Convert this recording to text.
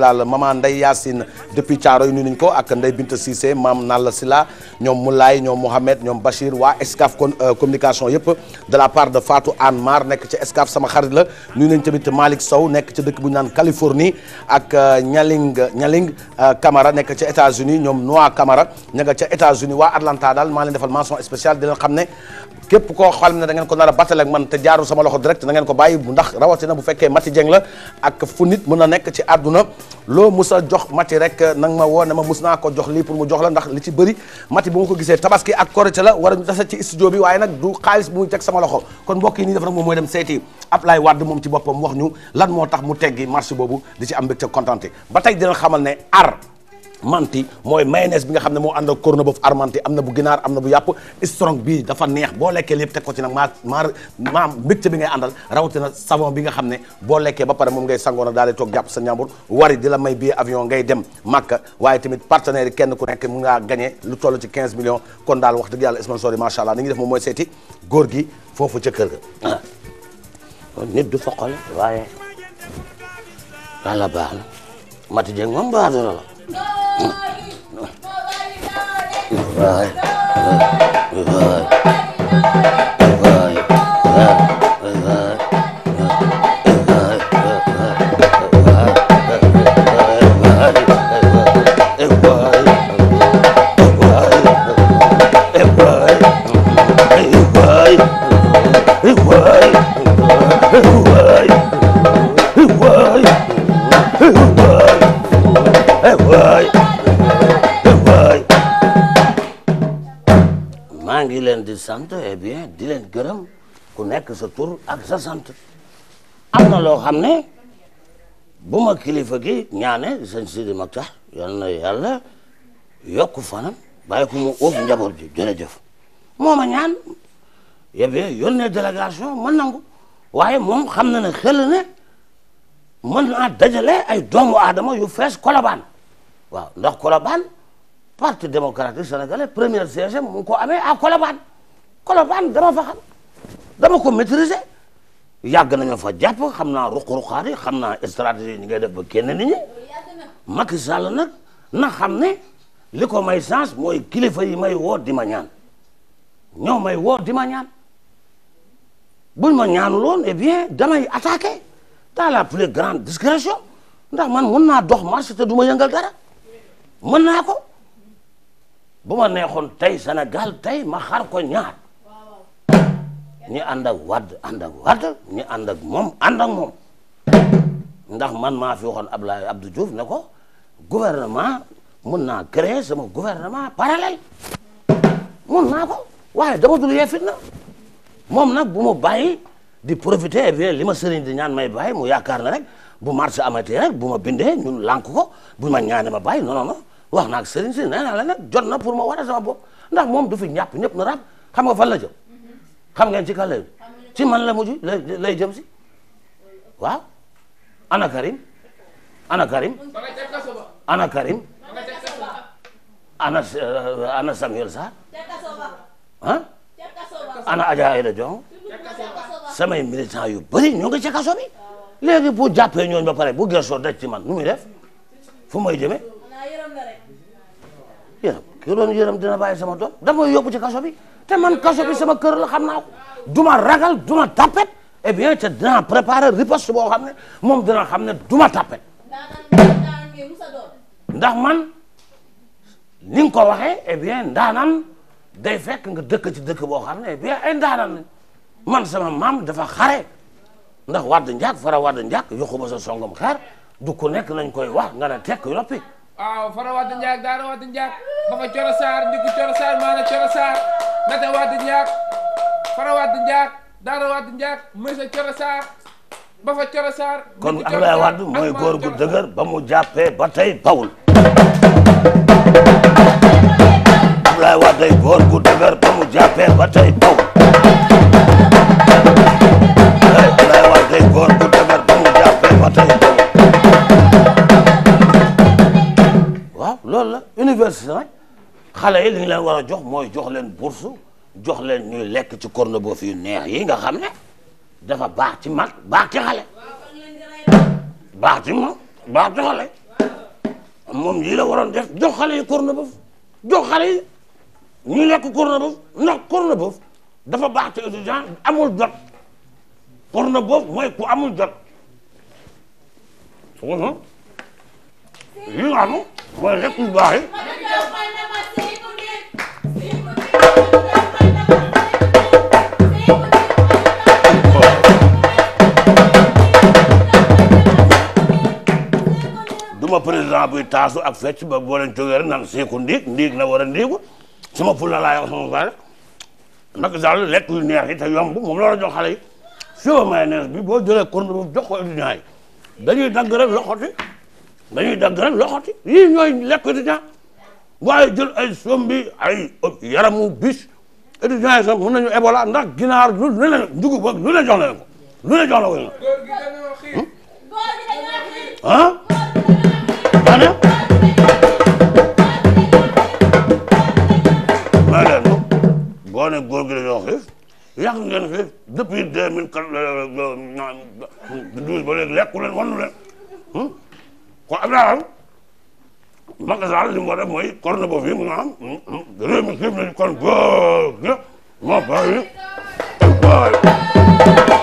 laal maman Ndeye Yacine depuis Thiaroye nuyu nañ ko ak Ndeye Binta Cissé maam Nalla Sila ñoom Moulay ñoom Mohamed ñoom Bachir waa Escaf euh, communication yëpp de la part de Fatou Anne Mar nekk ca Escaf sama xarit la nuyu nañ tamit Malick Sow nekk ca dëkk bu ñu naan Californie ak Ñaling euh, Ñaling euh, Camara nekk ca États-Unis ñoom Noa Camara ña nga ca États-Unis waa Atlanta daal maa leen defal mention spéciale di leen xam ne képp koo xam ne da ko nar a man te jaarul na loo musa jox mati rek euh, nang ma woo ne ma mus naa ko jox lii pour mu jox la ndax li ci bëri mati bu ma ko gisee tabaski ak korité la war a ñu tase ci studio bi waaye nag du xaalis bu muy teg sama loxo kon mbokk yi nii def nag moom mooy dem seeti Ablaye Wade moom ci boppam wax ñu lan moo tax mu teggi marché boobu di ci am mbégte contenté ba tey dina xamal ne ar manti mooy mayonnaise bi nga xam ne moo ànd ak corne bœuf armenti am na bu ginaar am na bu yàpp strong bi dafa neex boo lekkee lépp teg ko ci nag maa maa maam mbégte bi ngay àndal rawatina savon bi nga xam ne boo lekkee ba pare moom ngay sangoon daal di toog jàpp sa ñambur wari di la may billet avion ngay dem Makka waaye tamit partenaire yi kenn ku nekk mu ngaa gagné lu toll ci 15 millions kon daal wax dëgg yàlla sponsor yi macha allah ni ñuy góor gi foofu ca kër ga ah. nit du foqale waaye yàlla baax na Mati Dieng moom baax Right. Right. Right. di leen di sant eh bien di leen gërëm ku nekk sa tur ak sa sant am na loo xam ne bu ma kilifa gi ñaane sëñ Sidi Maktar yal na yàlla yokku fanam bàyyi ko mu uuf njaboot ji jërëjëf moo ma ñaan et eh yoon yónnee délégation ma nangu waaye moom xam na ne xel ne mën naa dajale ay doomu aadama yu fees kolobaan waaw ndax kolobaan parti démocratique sénégalais première CGM mu ngi ko amee à Colobane Colobane dama fa xam dama ko maîtriser yàgg nañu fa jàpp xam naa ruq-ruqaat yi xam naa stratégie ni ngay def ba kenn nit ñi Macky na xam ne li ko may chance mooy kilifa yi may woo di ma ñaan ñoo may woo di ma ñaan buñ ma ñaanuloon et eh bien damay attaqué dans la plus grande discrétion ndax man mun naa dox marché te du ma yëngal dara mën naa ko bu ma neexoon tey Sénégal tey ma xar ko ñaar ñi ànd ak wadd ànd ak wadd ñi ànd ak moom ànd moom ndax man maa fi waxoon abla Abdou Diouf ne ko gouvernement mun naa créer sama gouvernement parallèle mun naa ko waaye dama dul yee fitna moom nag bu ma bàyyi di profiter et eh bien li ma sëriñ di ñaan may bàyyi mu yaakaar na rek bu marché amatee rek bu ma bindee ñun lànk ko bu ma ñaane ma bàyyi non non wax naa ak sëriñ si nee la nag jot na pour ma war a sama bopp ndax moom du fi ñàpp ñëpp na rab xam nga fan la jëm xam ngeen ci kan ci man la mu lay lay jëm si waaw ana Karim ana Karim ana Karim ana euh, ana Samuel Sarr ah ana Adja Aïda bëri ñoo ngi ci kaso bi léegi bu jàppee ba pare bu gëstoo daj ci man nu muy def fu may jëmee ki doon yërëm dina bàyyi sama doom da may yóbbu ci kaso te man kaso sama kër la xam naa ko du ragal du ma tapet eh bien te dinaa préparer riposte boo xam ne moom dina xam ne du ma tapet ndax man ni nga ko waxee eh bien ndaanan day fekk nga dëkk ci dëkk boo xam ne eh bien ay ndaanan man sama maam dafa xare ndax wadd njàkk fara wadd njàkk yokku ba sa songam xeer du ku nekk lañ koy wax nga ne tekk yoppi ma nga Coro Sarr diggu Coro Sarr maanaam Coro Sarr Nate Wade Ndiak Fara Wade Ndiak Daara Wade Ndiak Moussa Coro Sarr ba fa Coro Sarr. kon Abdoulaye Wade mooy góor gu dëgër ba mu jàppee ba tey bawul. Abdoulaye Wade góor gu dëgër ba mu jàppee ba tey bawul. Abdoulaye Wade góor gu dëgër ba mu jàppee ba tey bawul. waaw loolu la université nag. xale yi li ñu war a jox mooy jox leen bourse jox leen ñuy lekk ci corned-beef yu neex yi nga xam ne dafa baax ci mag baax ci xale baax ci baax ci xale moom lii la waroon def jox xale yi corned-beef jox xale yi ñuy lekk corned-beef ndax corned-beef dafa baax ci amul jot corned-beef mooy ku amul jot su ko mooy lekk baax yi duma président buy taasu ak fecc ba boo leen jógee rek naan siiku ndiig ndiig na war a ndiigu sama fulla laa wax sama baare Macky Sall lekk yu neex yi te yomb moom loola jox xale yi fiwa mayonnaise bi boo jëlee korne boobu jox ko étudiant yi dañuy dagg rek loxoti dañuy dagg rek loxoti yii ñooy lekk étudiant waaye jël ay sombi ay yaramu bis étudiants yi sax mën nañu Ebola ndax ginaar lu lu ne njugub lu ne jox la ko lu ne jox leen nu boo ne góor gi dañoo xiif yàq ngeen depuis deux mille quatre euh, euh, euh, douze lekku leen wanu leen kon am naa Macky Sall li mu war a def mooy corne boobu yi mu am réew mi xiif nañu kon góor nga moo bàyyi